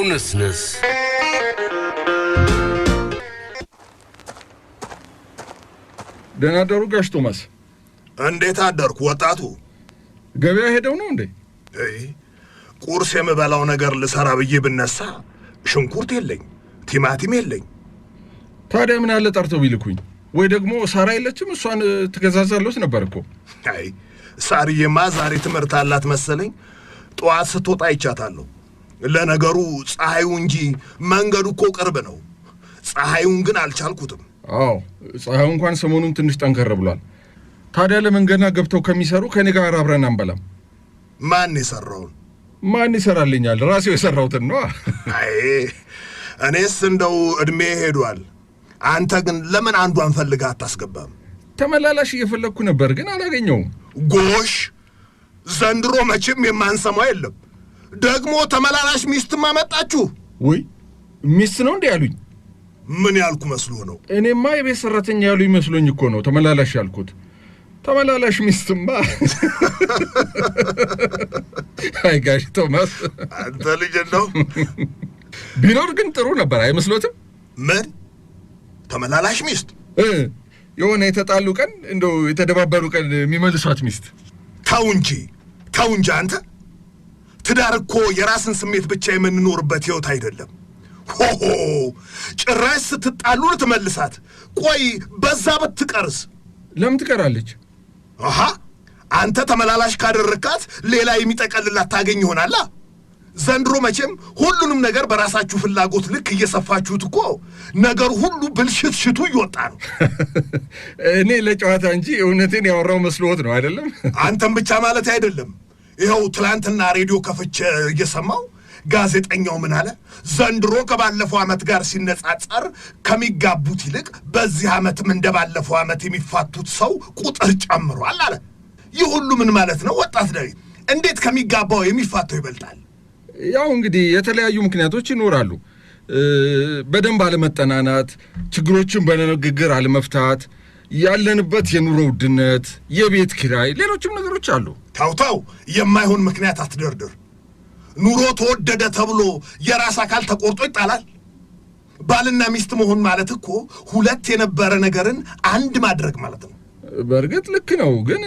ቦነስነስ ደህና አደሩ ጋሽ ቶማስ። እንዴት አደርኩ ወጣቱ? ገበያ ሄደው ነው እንዴ? ቁርስ የምበላው ነገር ልሰራ ብዬ ብነሳ ሽንኩርት የለኝ፣ ቲማቲም የለኝ። ታዲያ ምን አለ ጠርተው ቢልኩኝ ወይ ደግሞ ሳራ የለችም እሷን ትገዛዛለሁት ነበር እኮ። አይ ሳርዬማ ዛሬ ትምህርት አላት መሰለኝ። ጠዋት ስትወጣ አይቻታለሁ። ለነገሩ ፀሐዩ እንጂ መንገዱ እኮ ቅርብ ነው። ፀሐዩን ግን አልቻልኩትም። አዎ ፀሐዩ እንኳን ሰሞኑን ትንሽ ጠንከር ብሏል። ታዲያ ለመንገድና ገብተው ከሚሰሩ ከኔ ጋር አብረን አንበላም? ማን የሰራውን ማን ይሰራልኛል? ራሴው የሰራሁትን ነው። አይ እኔስ እንደው እድሜ ሄዷል። አንተ ግን ለምን አንዷን ፈልገህ አታስገባም? ተመላላሽ እየፈለግኩ ነበር፣ ግን አላገኘውም። ጎሽ ዘንድሮ መቼም የማንሰማው የለም። ደግሞ ተመላላሽ ሚስትም አመጣችሁ ወይ? ሚስት ነው እንዴ ያሉኝ። ምን ያልኩ መስሎ ነው? እኔማ የቤት ሰራተኛ ያሉኝ መስሎኝ እኮ ነው ተመላላሽ ያልኩት። ተመላላሽ ሚስትማ አይ ጋሽ ቶማስ አንተ ልጅ ነው ቢኖር ግን ጥሩ ነበር አይመስሎትም? ምን ተመላላሽ ሚስት? የሆነ የተጣሉ ቀን እንደው የተደባበሩ ቀን የሚመልሷት ሚስት። ተው እንጂ ተው እንጂ አንተ ትዳር እኮ የራስን ስሜት ብቻ የምንኖርበት ህይወት አይደለም። ሆሆ ጭራሽ ስትጣሉ ልትመልሳት። ቆይ በዛ ብትቀርስ? ለምን ትቀራለች? አሃ አንተ ተመላላሽ ካደረካት ሌላ የሚጠቀልላት ታገኝ ይሆናላ። ዘንድሮ መቼም ሁሉንም ነገር በራሳችሁ ፍላጎት ልክ እየሰፋችሁት እኮ ነገር ሁሉ ብልሽት ሽቱ እየወጣ ነው። እኔ ለጨዋታ እንጂ እውነቴን ያወራው መስሎት ነው አይደለም። አንተም ብቻ ማለት አይደለም ይኸው ትላንትና ሬዲዮ ከፍቼ እየሰማው ጋዜጠኛው ምን አለ? ዘንድሮ ከባለፈው ዓመት ጋር ሲነጻጸር ከሚጋቡት ይልቅ በዚህ ዓመትም እንደ ባለፈው ዓመት የሚፋቱት ሰው ቁጥር ጨምሯል አለ። ይህ ሁሉ ምን ማለት ነው? ወጣት ዳዊት፣ እንዴት ከሚጋባው የሚፋተው ይበልጣል? ያው እንግዲህ የተለያዩ ምክንያቶች ይኖራሉ። በደንብ አለመጠናናት፣ ችግሮችን በንግግር አለመፍታት ያለንበት የኑሮ ውድነት፣ የቤት ኪራይ፣ ሌሎችም ነገሮች አሉ። ታውታው የማይሆን ምክንያት አትደርድር። ኑሮ ተወደደ ተብሎ የራስ አካል ተቆርጦ ይጣላል? ባልና ሚስት መሆን ማለት እኮ ሁለት የነበረ ነገርን አንድ ማድረግ ማለት ነው። በእርግጥ ልክ ነው። ግን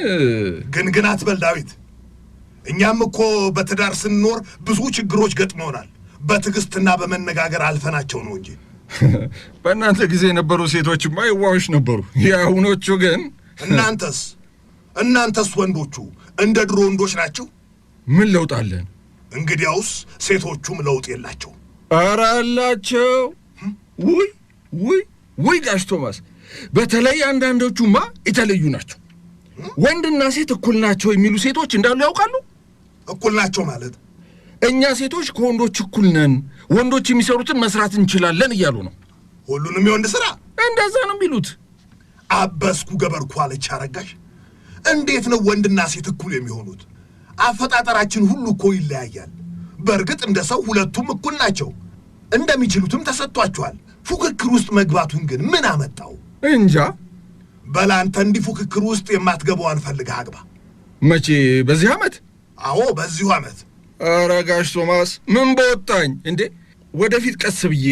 ግን ግን አትበል ዳዊት። እኛም እኮ በትዳር ስንኖር ብዙ ችግሮች ገጥመውናል። በትዕግስትና በመነጋገር አልፈናቸው ነው እንጂ በእናንተ ጊዜ የነበሩ ሴቶችማ የዋሆች ነበሩ። የአሁኖቹ ግን እናንተስ እናንተስ ወንዶቹ እንደ ድሮ ወንዶች ናችሁ? ምን ለውጥ አለን? እንግዲያውስ ሴቶቹም ለውጥ የላቸው። ኧረ አላቸው። ውይ ውይ ውይ ጋሽ ቶማስ፣ በተለይ አንዳንዶቹማ የተለዩ ናቸው። ወንድና ሴት እኩል ናቸው የሚሉ ሴቶች እንዳሉ ያውቃሉ። እኩል ናቸው ማለት እኛ ሴቶች ከወንዶች እኩል ነን ወንዶች የሚሰሩትን መስራት እንችላለን እያሉ ነው። ሁሉንም የወንድ ስራ እንደዛ ነው የሚሉት። አበስኩ ገበርኩ አለች አረጋሽ። እንዴት ነው ወንድና ሴት እኩል የሚሆኑት? አፈጣጠራችን ሁሉ እኮ ይለያያል። በእርግጥ እንደ ሰው ሁለቱም እኩል ናቸው፣ እንደሚችሉትም ተሰጥቷቸዋል። ፉክክር ውስጥ መግባቱን ግን ምን አመጣው እንጃ። በላንተ እንዲህ ፉክክር ውስጥ የማትገባዋን ፈልገህ አግባ። መቼ? በዚህ ዓመት? አዎ በዚሁ ዓመት። አረጋሽ ቶማስ ምን በወጣኝ እንዴ! ወደፊት ቀስ ብዬ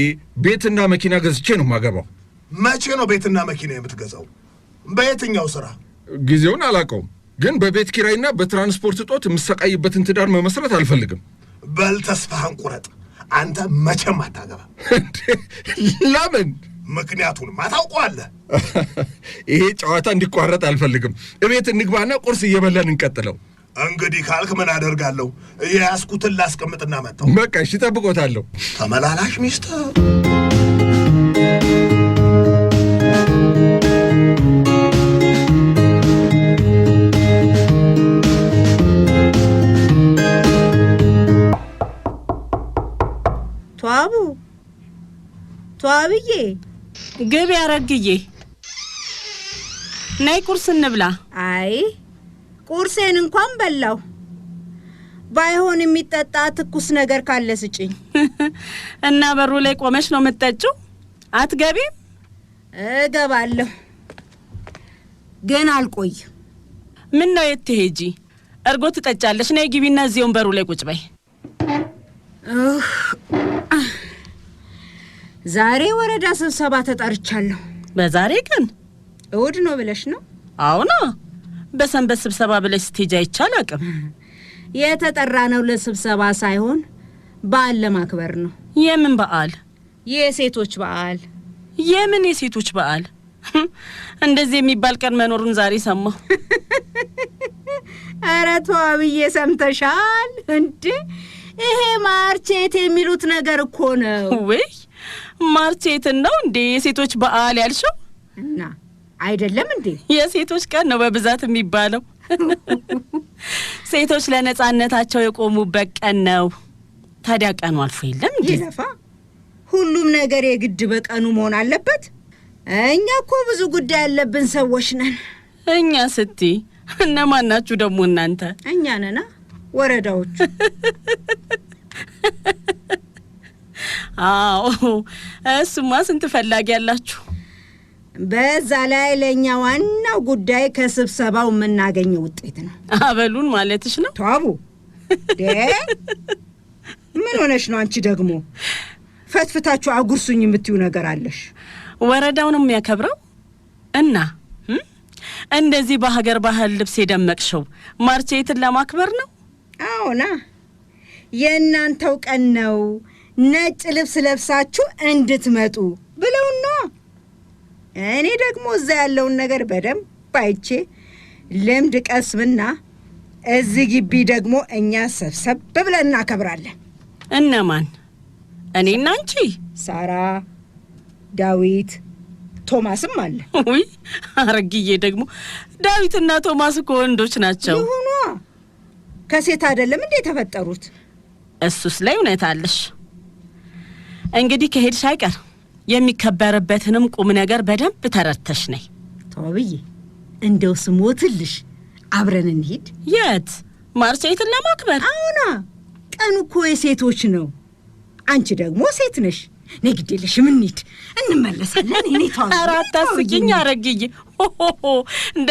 ቤትና መኪና ገዝቼ ነው የማገባው። መቼ ነው ቤትና መኪና የምትገዛው? በየትኛው ስራ? ጊዜውን አላውቀውም፣ ግን በቤት ኪራይና በትራንስፖርት እጦት የምሰቃይበትን ትዳር መመስረት አልፈልግም። በል ተስፋህን ቁረጥ። አንተ መቼም አታገባ። ለምን? ምክንያቱን ታውቀዋለህ። ይሄ ጨዋታ እንዲቋረጥ አልፈልግም። እቤት እንግባና ቁርስ እየበላን እንቀጥለው። እንግዲህ ካልክ ምን አደርጋለሁ? የያዝኩትን ላስቀምጥና መጣሁ። በቃ እሺ፣ ጠብቆታለሁ። ተመላላሽ ሚስትህ ተዋቡ፣ ተዋብዬ፣ ግቢ። አረግዬ፣ ነይ ቁርስ እንብላ። አይ ቁርሴን እንኳን በላው ባይሆን የሚጠጣ ትኩስ ነገር ካለ ስጪኝ። እና በሩ ላይ ቆመሽ ነው የምትጠጪው? አትገቢም? እገባለሁ፣ ግን አልቆይም። ምን ነው የት ትሄጂ? እርጎ ትጠጫለሽ? ነይ ግቢና እዚውን በሩ ላይ ቁጭ በይ። ዛሬ ወረዳ ስብሰባ ተጠርቻለሁ። በዛሬ ቀን እውድ ነው ብለሽ ነው? ነው በሰንበት ስብሰባ ብለሽ ስትሄጂ አይቼ አቅም የተጠራ ነው ለስብሰባ ሳይሆን በዓል ለማክበር ነው። የምን በዓል? የሴቶች በዓል። የምን የሴቶች በዓል? እንደዚህ የሚባል ቀን መኖሩን ዛሬ ሰማሁ። እረ ተዋብዬ ሰምተሻል እንዴ? ይሄ ማርቼት የሚሉት ነገር እኮ ነው። ወይ ማርቼትን ነው እንዴ የሴቶች በዓል ያልሽው? እና አይደለም እንዴ? የሴቶች ቀን ነው በብዛት የሚባለው። ሴቶች ለነጻነታቸው የቆሙበት ቀን ነው። ታዲያ ቀኑ አልፎ የለም እንዴ? ይለፋ። ሁሉም ነገር የግድ በቀኑ መሆን አለበት። እኛ እኮ ብዙ ጉዳይ ያለብን ሰዎች ነን። እኛ ስቲ እነማን ናችሁ ደግሞ እናንተ? እኛ ነና ወረዳዎቹ። አዎ እሱማ ስንት ፈላጊ ያላችሁ በዛ ላይ ለእኛ ዋናው ጉዳይ ከስብሰባው የምናገኘው ውጤት ነው። አበሉን ማለትሽ ነው? ታቡ ምን ሆነሽ ነው አንቺ? ደግሞ ፈትፍታችሁ አጉርሱኝ የምትዩ ነገር አለሽ። ወረዳው ነው የሚያከብረው እና እንደዚህ በሀገር ባህል ልብስ የደመቅሽው ማርቼትን ለማክበር ነው? አዎና የእናንተው ቀን ነው፣ ነጭ ልብስ ለብሳችሁ እንድትመጡ ብለውን እኔ ደግሞ እዛ ያለውን ነገር በደንብ አይቼ ልምድ ቀስምና እዚህ ግቢ ደግሞ እኛ ሰብሰብ ብለን እናከብራለን። እነማን? እኔና አንቺ፣ ሳራ፣ ዳዊት፣ ቶማስም አለ። ውይ አረግዬ፣ ደግሞ ዳዊትና ቶማስ እኮ ወንዶች ናቸው። ይሁኗ ከሴት አይደለም እንዴ የተፈጠሩት? እሱስ ላይ እውነት አለሽ። እንግዲህ ከሄድሽ አይቀር የሚከበርበትንም ቁም ነገር በደንብ ተረተሽ ነይ። ተወብዬ እንደው ስሞትልሽ አብረን እንሂድ። የት? ማርሴትን ለማክበር አሁና። ቀኑ እኮ የሴቶች ነው። አንቺ ደግሞ ሴት ነሽ። ነግዴልሽ ምን እንመለሳለን። እኔ ኧረ አረግዬ።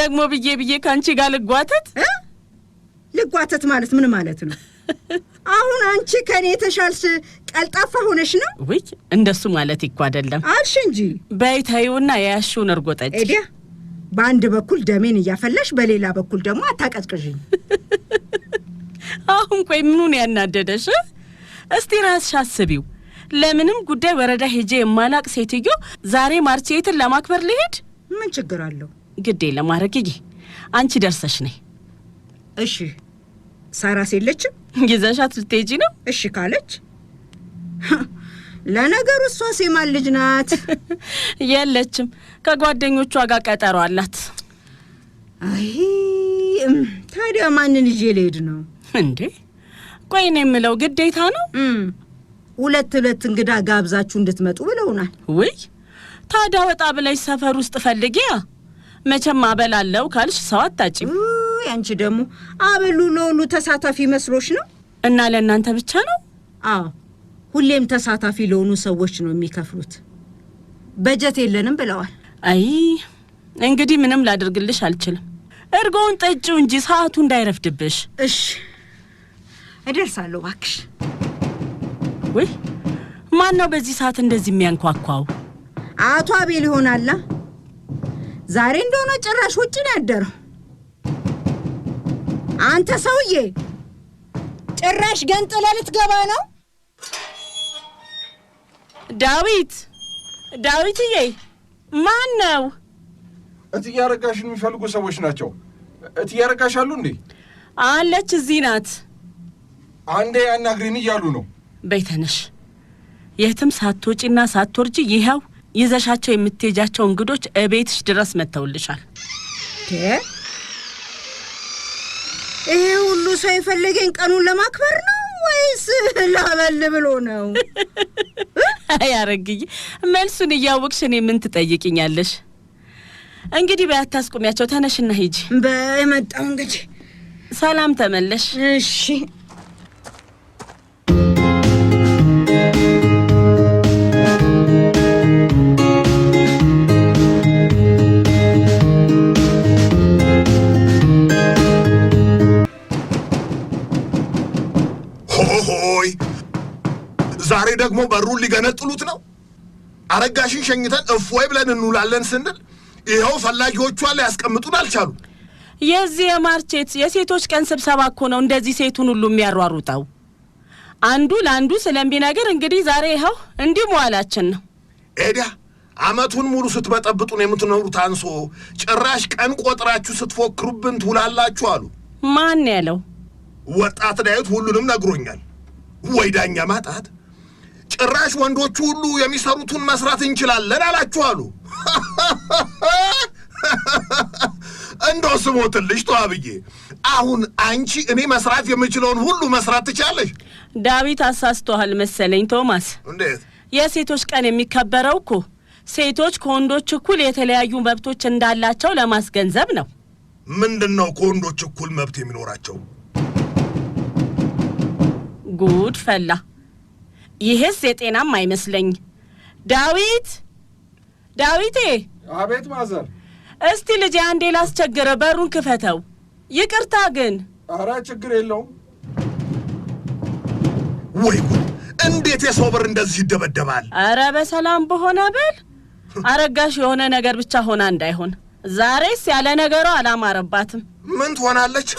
ደግሞ ብዬ ብዬ ከአንቺ ጋር ልጓተት ልጓተት ማለት ምን ማለት ነው? አሁን አንቺ ከእኔ የተሻልሽ ቀልጣፋ ሆነሽ ነው ውይ እንደሱ ማለት እኮ አይደለም አልሽ እንጂ። በይ ተይውና የያሽውን እርጎ ጠጪ። ኤዲያ በአንድ በኩል ደሜን እያፈለሽ፣ በሌላ በኩል ደግሞ አታቀዝቅዥኝ። አሁን ቆይ ምኑን ያናደደሽ? እስቲ ራስሽ አስቢው። ለምንም ጉዳይ ወረዳ ሄጄ የማላቅ ሴትዮ ዛሬ ማርቼትን ለማክበር ልሄድ ምን ችግር አለው? ግዴ ለማድረግ አንቺ ደርሰሽ ነይ። እሺ ሳራስ የለችም? ይዘሻት ልትሄጂ ነው? እሺ ካለች ለነገሩ እሷ ሴማን ልጅ ናት። የለችም፣ ከጓደኞቿ ጋር ቀጠሮ አላት። አይ ታዲያ ማንን ይዤ ልሄድ ነው እንዴ? ቆይ እኔ የምለው ግዴታ ነው? ሁለት ሁለት እንግዳ ጋብዛችሁ እንድትመጡ ብለውናል። ውይ ታዲያ ወጣ ብለሽ ሰፈር ውስጥ ፈልጊያ። መቼም አበላለው ካልሽ ሰው አታጭም። ያንቺ ደግሞ አበሉ ለሁሉ ተሳታፊ መስሎች ነው። እና ለእናንተ ብቻ ነው? አዎ፣ ሁሌም ተሳታፊ ለሆኑ ሰዎች ነው የሚከፍሉት። በጀት የለንም ብለዋል። አይ እንግዲህ ምንም ላደርግልሽ አልችልም። እርጎውን ጠጪው እንጂ ሰዓቱ እንዳይረፍድብሽ። እሺ፣ እደርሳለሁ እባክሽ። ወይ ማን ነው በዚህ ሰዓት እንደዚህ የሚያንኳኳው? አቶ አቤል ይሆናላ። ዛሬ እንደሆነ ጭራሽ ውጭ ነው ያደረው። አንተ ሰውዬ ጭራሽ ገንጥለህ ልትገባ ነው? ዳዊት ዳዊትዬ፣ ማን ነው? እትዬ አረጋሽን የሚፈልጉ ሰዎች ናቸው። እትዬ አረጋሽ አሉ እንዴ? አለች፣ እዚህ ናት። አንዴ ያናግሪን እያሉ ነው። በይተነሽ የትም ሳትወጪና ሳትወርጂ ይኸው ይዘሻቸው የምትሄጃቸው እንግዶች እቤትሽ ድረስ መጥተውልሻል። ይሄ ሁሉ ሰው የፈለገኝ ቀኑን ለማክበር ነው ወይስ ላበል ብሎ ነው? አይ መልሱን እያወቅሽ እኔ ምን ትጠይቅኛለሽ? እንግዲህ ባያታስቁሚያቸው፣ ተነሽና ሂጂ። በመጣው እንግዲህ ሰላም ተመለሽ። እሺ ደግሞ በሩን ሊገነጥሉት ነው። አረጋሽን ሸኝተን እፎይ ብለን እንውላለን ስንል ይኸው ፈላጊዎቿን ሊያስቀምጡን ያስቀምጡን አልቻሉ። የዚህ የማርቼት የሴቶች ቀን ስብሰባ እኮ ነው እንደዚህ ሴቱን ሁሉ የሚያሯሩጠው። አንዱ ለአንዱ ስለሚነግር እንግዲህ ዛሬ ይኸው እንዲህ መዋላችን ነው። ኤዲያ አመቱን ሙሉ ስትበጠብጡ ነው የምትኖሩት። አንሶ ጭራሽ ቀን ቆጥራችሁ ስትፎክሩብን ትውላላችሁ አሉ። ማን ያለው? ወጣት ዳዊት ሁሉንም ነግሮኛል። ወይ ዳኛ ማጣት ጭራሽ ወንዶቹ ሁሉ የሚሰሩትን መስራት እንችላለን አላችሁ አሉ። እንደው ስሞትልሽ ተዋብዬ፣ አሁን አንቺ እኔ መስራት የምችለውን ሁሉ መስራት ትቻለሽ። ዳዊት አሳስተዋል መሰለኝ ቶማስ። እንዴት? የሴቶች ቀን የሚከበረው እኮ ሴቶች ከወንዶች እኩል የተለያዩ መብቶች እንዳላቸው ለማስገንዘብ ነው። ምንድን ነው ከወንዶች እኩል መብት የሚኖራቸው? ጉድ ፈላ። ይሄስ የጤናም አይመስለኝ። ዳዊት ዳዊቴ! አቤት ማዘር። እስቲ ልጄ አንዴ ላስቸግረ፣ በሩን ክፈተው። ይቅርታ ግን። አረ ችግር የለውም። ወይ ጉድ! እንዴት የሰው ብር እንደዚህ ይደበደባል? አረ በሰላም በሆነ ብል አረጋሽ የሆነ ነገር ብቻ ሆና እንዳይሆን። ዛሬስ ያለ ነገሯ አላማረባትም። ምን ትሆናለች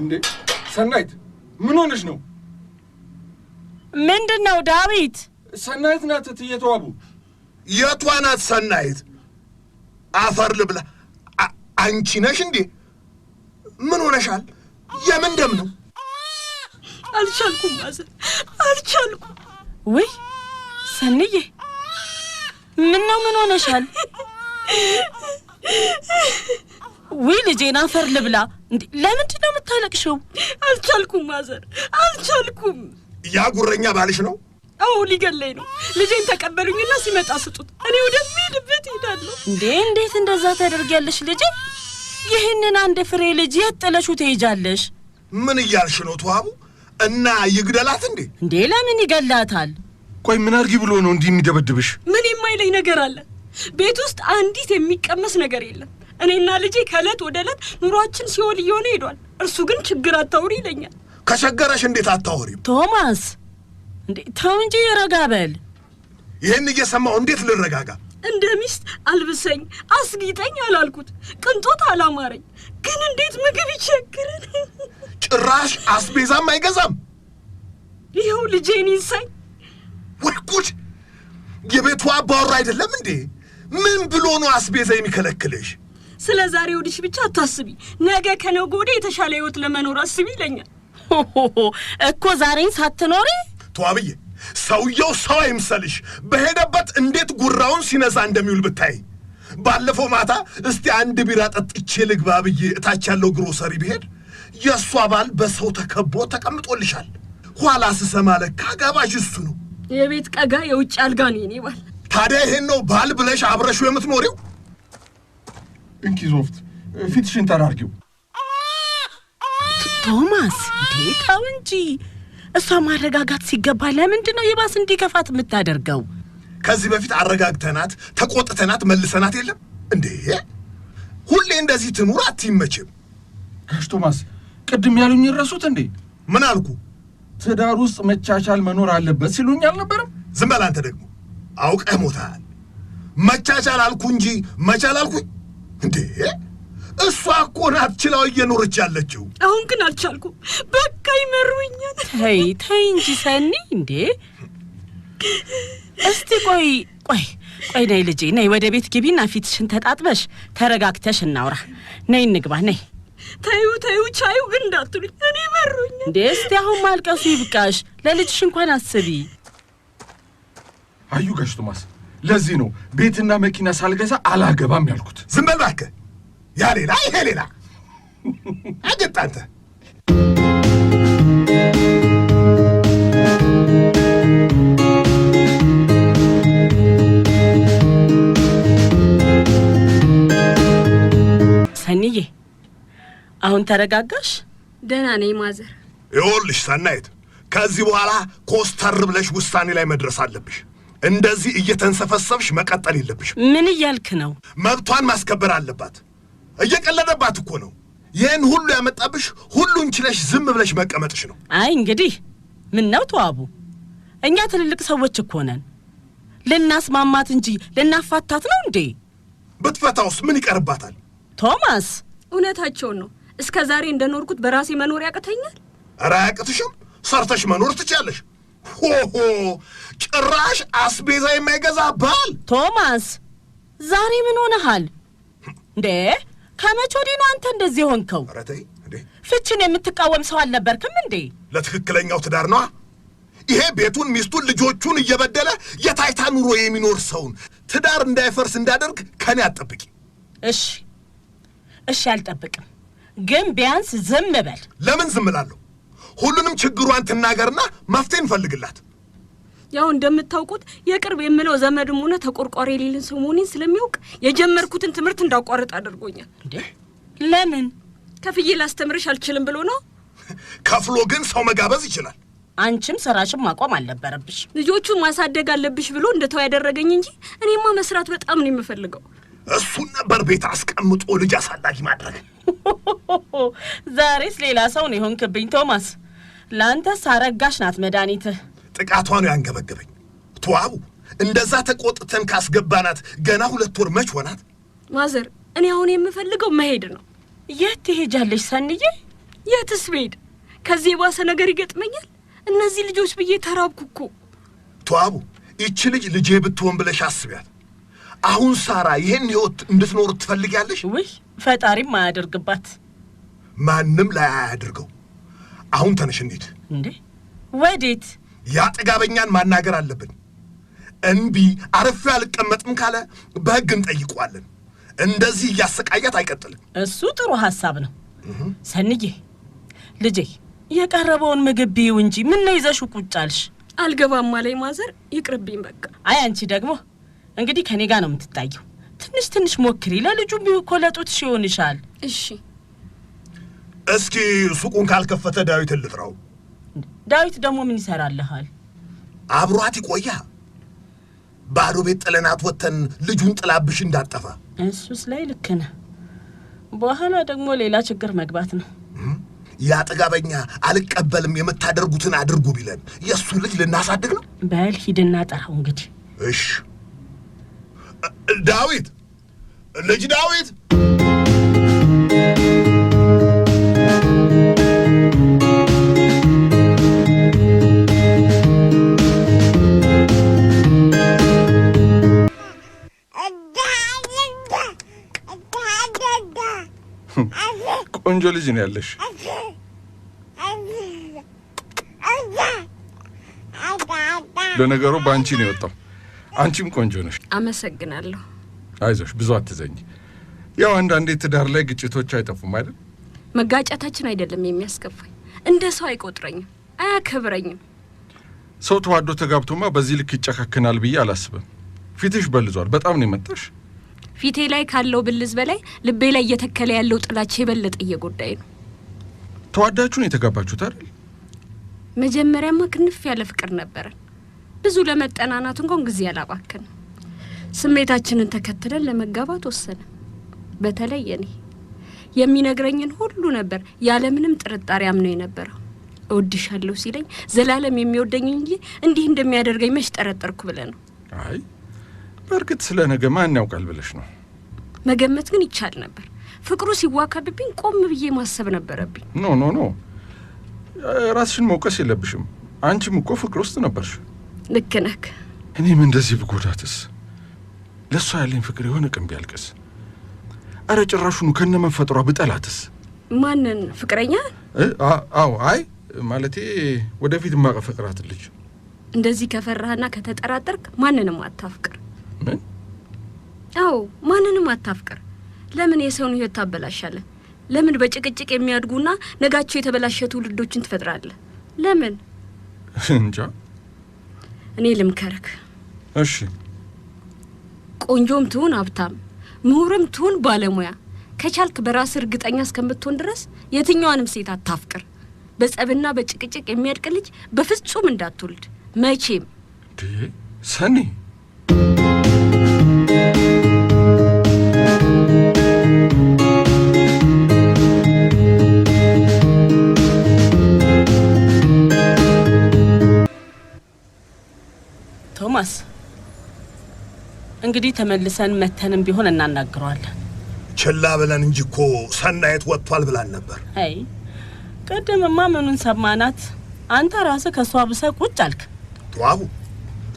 እንዴ ሰናይት? ምን ሆነሽ ነው? ምንድን ነው ዳዊት? ሰናይት ናት እትዬ ተዋቡ። የቷ ናት ሰናይት? አፈር ልብላ። አንቺ ነሽ እንዴ? ምን ሆነሻል? የምን ደም ነው? አልቻልኩም ማዘር፣ አልቻልኩም። ውይ ሰንዬ፣ ምን ነው ምን ሆነሻል? ውይ ልጄን አፈር ልብላ ለምንድን ነው የምታለቅሽው? አልቻልኩም ማዘር፣ አልቻልኩም። ያ ጉረኛ ባልሽ ነው? አዎ ሊገለኝ ነው። ልጄን ተቀበሉኝና ሲመጣ ስጡት፣ እኔ ወደሚሄድበት ሄዳለሁ። እንዴ እንዴት እንደዛ ታደርጊያለሽ? ልጄ ይህንን አንድ ፍሬ ልጅ የት ጥለሽው ትሄጃለሽ? ምን እያልሽ ነው ተዋቡ? እና ይግደላት እንዴ? እንዴ ለምን ይገላታል? ቆይ ምን አድርጊ ብሎ ነው እንዲህ የሚደበድብሽ? ምን የማይለኝ ነገር አለ? ቤት ውስጥ አንዲት የሚቀመስ ነገር የለም። እኔና ልጄ ከእለት ወደ እለት ኑሯችን ሲሆን እየሆነ ሄዷል። እርሱ ግን ችግር አታውሪ ይለኛል። ከቸገረሽ እንዴት አታውሪም ቶማስ እንዴ ተው እንጂ ረጋ በል። ይህን እየሰማው እንዴት ልረጋጋ? እንደ ሚስት አልብሰኝ አስጊጠኝ አላልኩት። ቅንጦት አላማረኝ። ግን እንዴት ምግብ ይቸግርል ጭራሽ አስቤዛም አይገዛም። ይኸው ልጄን ይንሳኝ። ወይ ጉድ! የቤቱ አባወራ አይደለም እንዴ? ምን ብሎ ነው አስቤዛ የሚከለክልሽ? ስለ ዛሬ ወዲሽ ብቻ አታስቢ፣ ነገ ከነገ ወዲያ የተሻለ ህይወት ለመኖር አስቢ ይለኛል እኮ። ዛሬን ሳትኖሪ ተዋብዬ፣ ሰውየው ሰው አይምሰልሽ። በሄደበት እንዴት ጉራውን ሲነሳ እንደሚውል ብታይ። ባለፈው ማታ እስቲ አንድ ቢራ ጠጥቼ ልግባ ብዬ እታች ያለው ግሮሰሪ ብሄድ የእሷ ባል በሰው ተከቦ ተቀምጦልሻል። ኋላ ስሰማ ለካ አጋባሽ እሱ ነው። የቤት ቀጋ የውጭ አልጋ ነው የኔ ባል። ታዲያ ይሄን ነው ባል ብለሽ አብረሹ የምትኖሪው? እንኪዞፍት ፊትሽን ጠራርጊው። ቶማስ ዴታው እንጂ እሷ ማረጋጋት ሲገባ ለምንድን ነው የባስ እንዲከፋት የምታደርገው? ከዚህ በፊት አረጋግተናት ተቆጥተናት መልሰናት የለም እንዴ? ሁሌ እንደዚህ ትኑር አትይመችም። ጋሽ ቶማስ ቅድም ያሉኝ ረሱት እንዴ? ምን አልኩ? ትዳር ውስጥ መቻቻል መኖር አለበት ሲሉኝ አልነበረም? ዝም በል አንተ ደግሞ አውቀህ ሞታል። መቻቻል አልኩ እንጂ መቻል አልኩኝ። እንዴ እሷ እኮ ናት ችላው እየኖረች ያለችው። አሁን ግን አልቻልኩ፣ በቃ ይመሩኛል። ተይ ተይ እንጂ ሰኒ፣ እንዴ እስቲ ቆይ ቆይ ቆይ፣ ነይ ልጄ ነይ፣ ወደ ቤት ግቢና ፊትሽን ተጣጥበሽ ተረጋግተሽ እናውራ። ነይ እንግባ፣ ነይ። ተዩ ተዩ፣ ቻዩ ግን እንዳትሉኝ፣ እኔ መሩኝ። እንዴ እስቲ አሁን ማልቀሱ ይብቃሽ፣ ለልጅሽ እንኳን አስቢ። አዩ ገሽቱማስ ለዚህ ነው ቤትና መኪና ሳልገዛ አላገባም ያልኩት። ዝም በል እባክህ። ያ ሌላ ይሄ ሌላ አገጣንተ ሰኒዬ፣ አሁን ተረጋጋሽ? ደህና ነኝ ማዘር። ይኸውልሽ ሰናይት፣ ከዚህ በኋላ ኮስተር ብለሽ ውሳኔ ላይ መድረስ አለብሽ። እንደዚህ እየተንሰፈሰብሽ መቀጠል የለብሽም። ምን እያልክ ነው? መብቷን ማስከበር አለባት። እየቀለደባት እኮ ነው። ይህን ሁሉ ያመጣብሽ ሁሉን ችለሽ ዝም ብለሽ መቀመጥሽ ነው። አይ እንግዲህ ምን ነው ተዋቡ፣ እኛ ትልልቅ ሰዎች እኮ ነን። ልናስማማት እንጂ ልናፋታት ነው እንዴ? ብትፈታውስ ምን ይቀርባታል? ቶማስ፣ እውነታቸውን ነው። እስከ ዛሬ እንደኖርኩት በራሴ መኖር ያቅተኛል። ኧረ አያቅትሽም። ሰርተሽ መኖር ትችያለሽ። ሆሆ ጭራሽ አስቤዛ የማይገዛ ባል ቶማስ፣ ዛሬ ምን ሆነሃል እንዴ? ከመቼ ወዲህ ነው አንተ እንደዚህ ሆንከው ኧረ ተይ ፍችን የምትቃወም ሰው አልነበርክም እንዴ? ለትክክለኛው ትዳር ነዋ። ይሄ ቤቱን፣ ሚስቱን፣ ልጆቹን እየበደለ የታይታ ኑሮ የሚኖር ሰውን ትዳር እንዳይፈርስ እንዳደርግ ከኔ አጠብቂ እሺ፣ እሺ፣ አልጠብቅም። ግን ቢያንስ ዝም በል። ለምን ዝም እላለሁ? ሁሉንም ችግሯን ትናገርና መፍትሄ እንፈልግላት። ያው እንደምታውቁት የቅርብ የምለው ዘመድም ሆነ ተቆርቋሪ የሌለን ሰው መሆኔን ስለሚያውቅ የጀመርኩትን ትምህርት እንዳቋርጥ አድርጎኛል። እንዴ ለምን? ከፍዬ ላስተምርሽ አልችልም ብሎ ነው። ከፍሎ ግን ሰው መጋበዝ ይችላል። አንቺም ስራሽም ማቆም አልነበረብሽ። ልጆቹን ማሳደግ አለብሽ ብሎ እንደተው ያደረገኝ እንጂ እኔማ መስራት በጣም ነው የምፈልገው። እሱን ነበር ቤት አስቀምጦ ልጅ አሳዳጊ ማድረግ። ዛሬስ ሌላ ሰው ነው የሆንክብኝ ቶማስ። ለአንተ ሳረጋሽ ናት መድኃኒትህ። ጥቃቷ ነው ያንገበገበኝ። ተዋቡ እንደዛ ተቆጥተን ካስገባናት ገና ሁለት ወር መች ሆናት። ማዘር፣ እኔ አሁን የምፈልገው መሄድ ነው። የት ትሄጃለሽ ሰንዬ? የትስ ብሄድ ከዚህ የባሰ ነገር ይገጥመኛል። እነዚህ ልጆች ብዬ ተራብኩ እኮ። ተዋቡ፣ ይቺ ልጅ ልጄ ብትሆን ብለሽ አስቢያት። አሁን ሳራ ይህን ህይወት እንድትኖሩ ትፈልጊያለሽ? ውይ ፈጣሪም አያደርግባት፣ ማንም ላይ አያደርገው። አሁን ተነሽ እንሂድ። እንዴ ወዴት? ያ ጥጋበኛን ማናገር አለብን። እምቢ አረፍ አልቀመጥም ካለ በሕግ እንጠይቀዋለን። እንደዚህ እያሰቃያት አይቀጥልም። እሱ ጥሩ ሐሳብ ነው። ሰንዬ ልጄ የቀረበውን ምግብ ብዪው እንጂ ምን ነው ይዘሽው ቁጭ አልሽ? አልገባም አለኝ ማዘር። ይቅርብኝ በቃ። አይ አንቺ ደግሞ እንግዲህ ከኔ ጋር ነው የምትታየው። ትንሽ ትንሽ ሞክሪ። ለልጁ ቢሆን እኮ ለጡትሽ ይሆንሻል። እሺ እስኪ ሱቁን ካልከፈተ ዳዊትን ልጥራው። ዳዊት ደግሞ ምን ይሰራልሃል? አብሯት ይቆያ። ባዶ ቤት ጥለናት ወጥተን ልጁን ጥላብሽ እንዳጠፋ እሱስ ላይ ልክ ነህ። በኋላ ደግሞ ሌላ ችግር መግባት ነው። ያ ጥጋበኛ አልቀበልም የምታደርጉትን አድርጉ ቢለን የእሱን ልጅ ልናሳድግ ነው። በል ሂድና ጠራው እንግዲህ። እሽ ዳዊት፣ ልጅ ዳዊት ቆንጆ ልጅ ነው ያለሽ። ለነገሩ በአንቺ ነው የወጣው። አንቺም ቆንጆ ነሽ። አመሰግናለሁ። አይዞሽ፣ ብዙ አትዘኝ። ያው አንዳንዴ ትዳር ላይ ግጭቶች አይጠፉም አይደል? መጋጨታችን አይደለም የሚያስከፋኝ፣ እንደ ሰው አይቆጥረኝም፣ አያከብረኝም። ሰው ተዋዶ ተጋብቶማ በዚህ ልክ ይጨካክናል ብዬ አላስብም። ፊትሽ በልዟል። በጣም ነው የመጣሽ። ፊቴ ላይ ካለው ብልዝ በላይ ልቤ ላይ እየተከለ ያለው ጥላቻ የበለጠ እየጎዳይ ነው። ተዋዳችሁ ነው የተጋባችሁት አይደል? መጀመሪያማ ክንፍ ያለ ፍቅር ነበረን። ብዙ ለመጠናናት እንኳን ጊዜ ያላባክን ስሜታችንን ተከትለን ለመጋባት ወሰነ። በተለይ እኔ የሚነግረኝን ሁሉ ነበር ያለምንም ጥርጣሬ አምነው የነበረው። እወድሻለሁ ሲለኝ ዘላለም የሚወደኝ እንጂ እንዲህ እንደሚያደርገኝ መች ጠረጠርኩ ብለህ ነው? አይ በእርግጥ ስለ ነገ ማን ያውቃል ብለሽ ነው? መገመት ግን ይቻል ነበር። ፍቅሩ ሲዋከብብኝ ቆም ብዬ ማሰብ ነበረብኝ። ኖ ኖ ኖ፣ ራስሽን መውቀስ የለብሽም። አንቺም እኮ ፍቅር ውስጥ ነበርሽ። ልክ ነህ። እኔም እንደዚህ ብጎዳትስ? ለእሷ ያለኝ ፍቅር የሆነ ቀን ቢያልቅስ? አረ ጭራሹኑ ከነ መንፈጥሯ ብጠላትስ? ማንን? ፍቅረኛ? አዎ። አይ ማለቴ ወደፊት ማቀ ልጅ። እንደዚህ ከፈራህና ከተጠራጠርክ ማንንም አታፍቅር። ምን? አዎ ማንንም አታፍቅር። ለምን የሰውን ህይወት ታበላሻለህ? ለምን በጭቅጭቅ የሚያድጉና ነጋቸው የተበላሸ ትውልዶችን ትፈጥራለህ? ለምን? እንጃ። እኔ ልምከርክ። እሺ። ቆንጆም ትሁን ሀብታም፣ ምሁርም ትሁን ባለሙያ፣ ከቻልክ በራስ እርግጠኛ እስከምትሆን ድረስ የትኛዋንም ሴት አታፍቅር። በጸብና በጭቅጭቅ የሚያድቅ ልጅ በፍጹም እንዳትወልድ መቼም። ሰኔ ቶማስ እንግዲህ ተመልሰን መተንም ቢሆን እናናግረዋለን። ችላ ብለን እንጂ እኮ ሰናየት ወጥቷል ብላን ነበር። አይ ቅድምማ ምኑን ሰማናት። አንተ ራስህ ከእሷ ብሰህ ቁጭ አልክ። ተዋቡ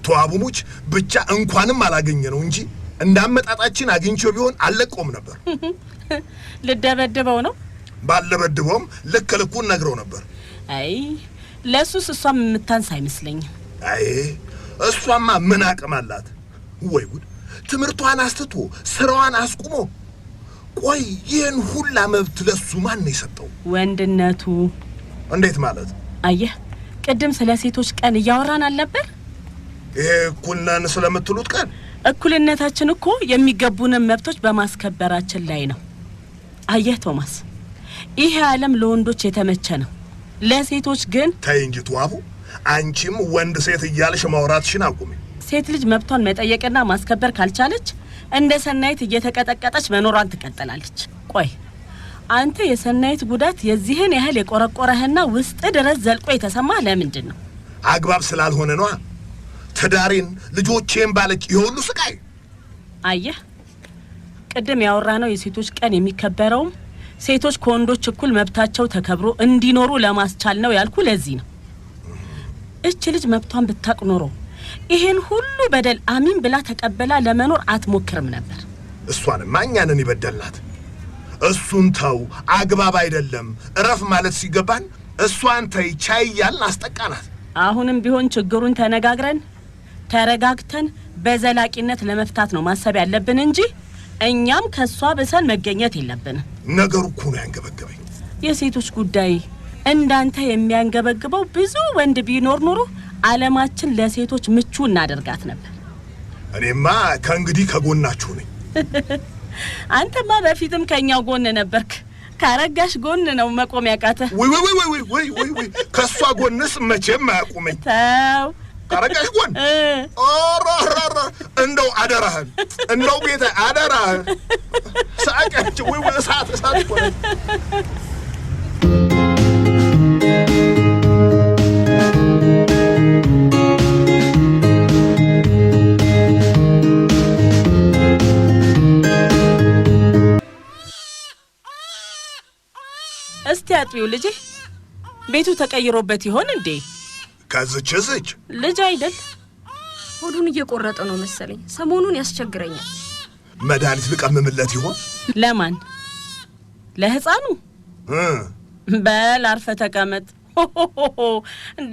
ተዋቡ ሙች ብቻ እንኳንም አላገኘ ነው እንጂ እንደ አመጣጣችን አግኝቼው ቢሆን አልለቀውም ነበር። ልደበድበው ነው። ባልደበድበውም ልክ ልኩን ነግረው ነበር። አይ ለእሱስ እሷም የምታንስ አይመስለኝም። አይ እሷማ ምን አቅም አላት? ወይ ጉድ! ትምህርቷን አስትቶ ስራዋን አስቁሞ። ቆይ ይህን ሁላ መብት ለሱ ማን ነው የሰጠው? ወንድነቱ። እንዴት ማለት? አየህ ቅድም ስለ ሴቶች ቀን እያወራን አልነበር? ይሄ እኩል ነን ስለምትሉት ቀን እኩልነታችን እኮ የሚገቡንን መብቶች በማስከበራችን ላይ ነው። አየህ ቶማስ፣ ይህ ዓለም ለወንዶች የተመቸ ነው፣ ለሴቶች ግን ተይ እንጂ አንቺም ወንድ ሴት እያልሽ ማውራትሽን አቁሚ። ሴት ልጅ መብቷን መጠየቅና ማስከበር ካልቻለች እንደ ሰናይት እየተቀጠቀጠች መኖሯን ትቀጥላለች። ቆይ አንተ የሰናይት ጉዳት የዚህን ያህል የቆረቆረህና ውስጥ ድረስ ዘልቆ የተሰማህ ለምንድን ነው? አግባብ ስላልሆነ ነዋ። ትዳሬን፣ ልጆቼን ባለች የሁሉ ስቃይ አየህ። ቅድም ያወራ ነው የሴቶች ቀን የሚከበረውም ሴቶች ከወንዶች እኩል መብታቸው ተከብሮ እንዲኖሩ ለማስቻል ነው ያልኩ ለዚህ ነው። እች ልጅ መብቷን ብታቅ ኖሮ ይሄን ሁሉ በደል አሚን ብላ ተቀበላ ለመኖር አትሞክርም ነበር። እሷንማ እኛንን ይበደልናት። እሱን ተው፣ አግባብ አይደለም፣ እረፍ ማለት ሲገባን እሷን ተይ ቻይ እያልን አስጠቃናት። አሁንም ቢሆን ችግሩን ተነጋግረን ተረጋግተን በዘላቂነት ለመፍታት ነው ማሰብ ያለብን እንጂ እኛም ከሷ ብሰን መገኘት የለብን። ነገሩ እኮ ነው ያንገበገበኝ። የሴቶች ጉዳይ እንዳንተ የሚያንገበግበው ብዙ ወንድ ቢኖር ኑሮ ዓለማችን ለሴቶች ምቹ እናደርጋት ነበር። እኔማ ከእንግዲህ ከጎናችሁ ነኝ። አንተማ በፊትም ከእኛው ጎን ነበርክ። ካረጋሽ ጎን ነው መቆም ያቃተ። ወይ ወይ ወይ ወይ ወይ ወይ ከእሷ ጎንስ መቼም አያቁመኝ። ተው አረጋሽ ጎን እንደው አደራህን እንደው ቤተ አደራህን ሳቀች ወይ እሳት እሳት እኮ እስቲ አጥቢው ልጄ፣ ቤቱ ተቀይሮበት ይሆን እንዴ? ከዝች ዝች ልጅ አይደል? ሆዱን እየቆረጠ ነው መሰለኝ። ሰሞኑን ያስቸግረኛል። መድኃኒት ልቀምምለት ይሆን? ለማን? ለሕፃኑ? በል አርፈ ተቀመጥ።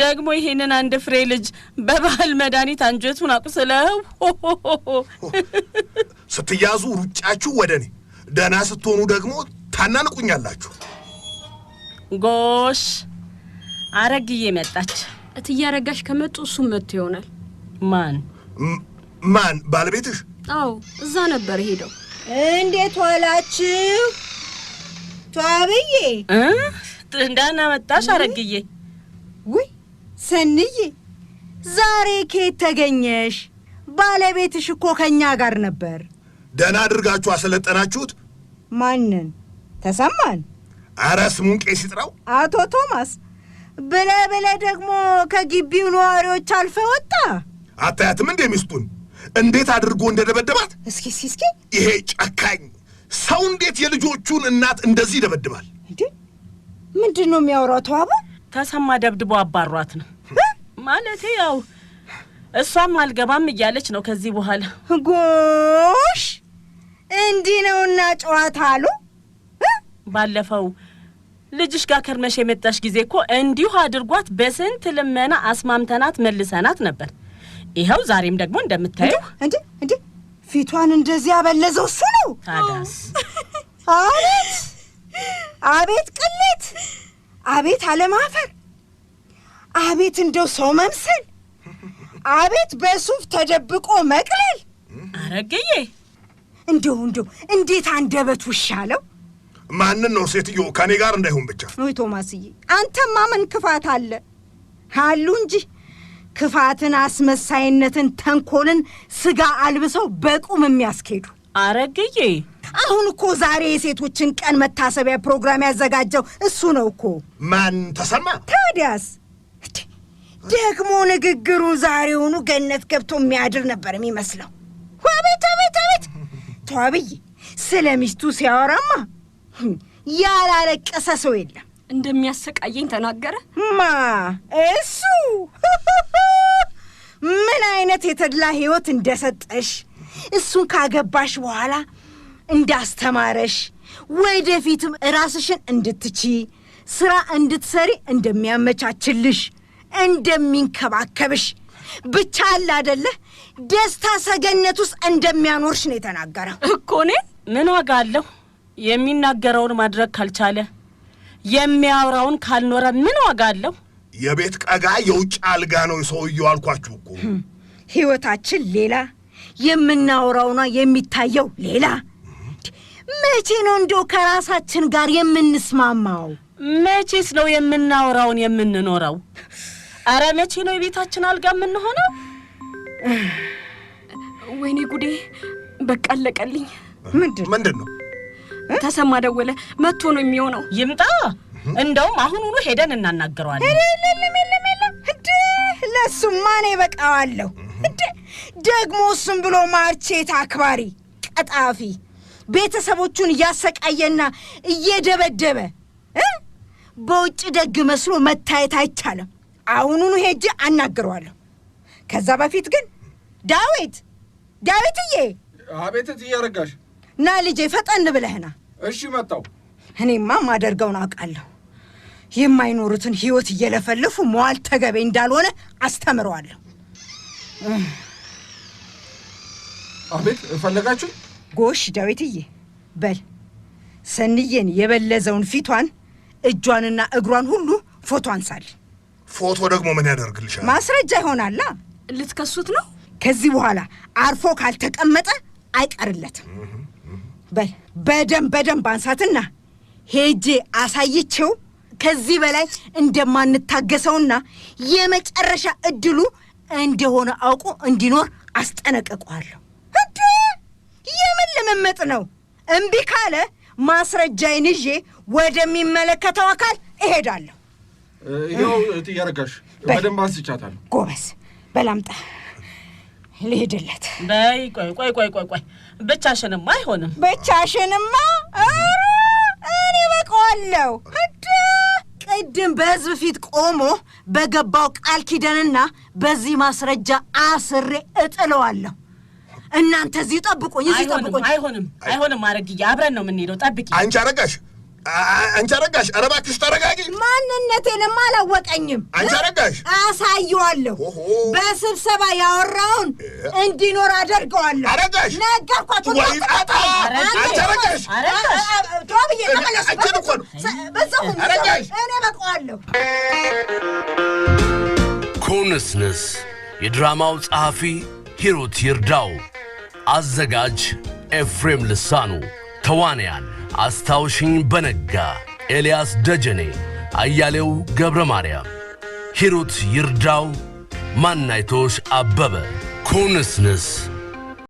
ደግሞ ይሄንን አንድ ፍሬ ልጅ በባህል መድኃኒት አንጀቱን አቁስለው ስትያዙ ሩጫችሁ ወደ እኔ፣ ደህና ስትሆኑ ደግሞ ታናንቁኛላችሁ። ጎሽ አረግዬ መጣች። እትያረጋሽ ከመጡ እሱ መጥቶ ይሆናል። ማን ማን? ባለቤትሽ? አዎ፣ እዛ ነበር ሄደው። እንዴት ዋላችሁ? ቷብዬ እንዳና መጣሽ? አረግዬ፣ ውይ ሰንዬ፣ ዛሬ ከየት ተገኘሽ? ባለቤትሽ እኮ ከእኛ ጋር ነበር። ደህና አድርጋችሁ አሰለጠናችሁት። ማንን? ተሰማን። አረ ስሙን ቄስ ይጥራው። አቶ ቶማስ ብለ ብለ ደግሞ ከግቢው ነዋሪዎች አልፈ ወጣ። አታያትም እንዴ ሚስቱን እንዴት አድርጎ እንደደበደባት? እስኪ እስኪ እስኪ ይሄ ጨካኝ ሰው እንዴት የልጆቹን እናት እንደዚህ ይደበድባል? እንዴ ምንድን ነው የሚያወራው? ተዋበ ተሰማ ደብድቦ አባሯት ነው ማለት ያው እሷም አልገባም እያለች ነው። ከዚህ በኋላ ጎሽ እንዲህ ነውና ጨዋታ አሉ ባለፈው ልጅሽ ጋር ከርመሽ የመጣሽ ጊዜ እኮ እንዲሁ አድርጓት በስንት ልመና አስማምተናት መልሰናት ነበር። ይኸው ዛሬም ደግሞ እንደምታዩ እንዴ እንዴ ፊቷን እንደዚህ ያበለዘው እሱ ነው። ታዲያስ? አቤት አቤት ቅሌት! አቤት አለማፈር! አቤት እንደው ሰው መምሰል! አቤት በሱፍ ተደብቆ መቅለል! አረግዬ እንደው እንደው እንዴት አንደበት ውሻ አለው! ማንን ነው? ሴትዮ ከኔ ጋር እንዳይሆን ብቻ። ወይ ቶማስዬ፣ አንተማ ምን ክፋት አለ አሉ እንጂ ክፋትን፣ አስመሳይነትን፣ ተንኮልን ስጋ አልብሰው በቁም የሚያስኬዱ አረግዬ። አሁን እኮ ዛሬ የሴቶችን ቀን መታሰቢያ ፕሮግራም ያዘጋጀው እሱ ነው እኮ። ማን ተሰማ? ታዲያስ ደግሞ ንግግሩ ዛሬውኑ ገነት ገብቶ የሚያድር ነበር የሚመስለው። አቤት አቤት አቤት! ተዋብዬ ስለ ሚስቱ ሲያወራማ ያላለቀሰ ሰው የለም። እንደሚያሰቃየኝ ተናገረ። ማ እሱ ምን አይነት የተድላ ህይወት እንደሰጠሽ እሱን ካገባሽ በኋላ እንዳስተማረሽ ወደፊትም ራስሽን እንድትቺ ስራ እንድትሰሪ እንደሚያመቻችልሽ እንደሚንከባከብሽ ብቻ አለ አደለ ደስታ ሰገነት ውስጥ እንደሚያኖርሽ ነው የተናገረው እኮ። እኔ ምን ዋጋ አለሁ የሚናገረውን ማድረግ ካልቻለ የሚያወራውን ካልኖረ ምን ዋጋ አለው? የቤት ቀጋ የውጭ አልጋ ነው ሰውየው። አልኳችሁ እኮ ህይወታችን ሌላ፣ የምናወራውና የሚታየው ሌላ። መቼ ነው እንዲያው ከራሳችን ጋር የምንስማማው? መቼስ ነው የምናወራውን የምንኖረው? አረ መቼ ነው የቤታችን አልጋ የምንሆነው? ወይኔ ጉዴ! በቃ አለቀልኝ። ምንድን ነው ተሰማ ደወለ። መጥቶ ነው የሚሆነው። ይምጣ። እንደውም አሁኑኑ ሄደን እናናገረዋለን። የለም የለም የለም፣ እንደ ለእሱማ እኔ በቃዋለሁ። እንደ ደግሞ እሱም ብሎ ማርቼት አክባሪ ቀጣፊ፣ ቤተሰቦቹን እያሰቃየና እየደበደበ በውጭ ደግ መስሎ መታየት አይቻልም። አሁኑኑ ሄጄ አናግረዋለሁ። ከዛ በፊት ግን ዳዊት ዳዊትዬ! አቤት እትዬ አረጋሽ ና ልጄ ፈጠን ብለህና። እሺ መጣው። እኔማ ማደርገውን አውቃለሁ። የማይኖሩትን ህይወት እየለፈለፉ መዋል ተገቢ እንዳልሆነ አስተምረዋለሁ። አቤት እፈለጋችሁ ጎሽ ዳዊትዬ፣ በል ሰንዬን የበለዘውን ፊቷን እጇንና እግሯን ሁሉ ፎቶ አንሳል። ፎቶ ደግሞ ምን ያደርግልሻል? ማስረጃ ይሆናላ። ልትከሱት ነው። ከዚህ በኋላ አርፎ ካልተቀመጠ አይቀርለትም። በል በደንብ በደንብ አንሳትና ሄጄ አሳይቼው ከዚህ በላይ እንደማንታገሰውና የመጨረሻ እድሉ እንደሆነ አውቆ እንዲኖር አስጠነቅቀዋለሁ። እንዴ የምን ልምምጥ ነው? እምቢ ካለ ማስረጃዬን ይዤ ወደሚመለከተው አካል እሄዳለሁ። ይኸው እያረጋሽ በደንብ አንስቻታለሁ። ጎበዝ በላምጣ ልሄድለት። በይ ቆይ ቆይ ቆይ ቆይ ብቻሽንማ አይሆንም። ብቻሽንማ ኧረ እኔ በቀዋለሁ። እንደ ቅድም በህዝብ ፊት ቆሞ በገባው ቃል ኪደንና በዚህ ማስረጃ አስሬ እጥለዋለሁ። እናንተ እዚህ ጠብቁኝ፣ እዚህ ጠብቁኝ። አይሆንም፣ አይሆንም፣ አይሆንም። አረግዬ አብረን ነው የምንሄደው። ጠብቂ አንቺ አረጋሽ አንቺ አረጋሽ፣ ኧረ እባክሽ ተረጋጊ። ማንነቴንም አላወቀኝም። አንቺ አረጋሽ፣ አሳየዋለሁ። በስብሰባ ያወራውን እንዲኖር አደርገዋለሁ። አረጋሽ፣ ነገርኳቸው። ወይ ጣጣ! አንቺ አረጋሽ፣ ቶብዬ ተመለስ። አንቺን እኮ ነው በዛሁ። አረጋሽ፣ እኔ በቀዋለሁ። ኩንስንስ የድራማው ጸሐፊ ሂሩት ይርዳው፣ አዘጋጅ ኤፍሬም ልሳኑ፣ ተዋንያን አስታውሽኝ በነጋ፣ ኤልያስ ደጀኔ፣ አያሌው ገብረ ማርያም፣ ሂሩት ይርዳው፣ ማናይቶሽ አበበ ኩንስንስ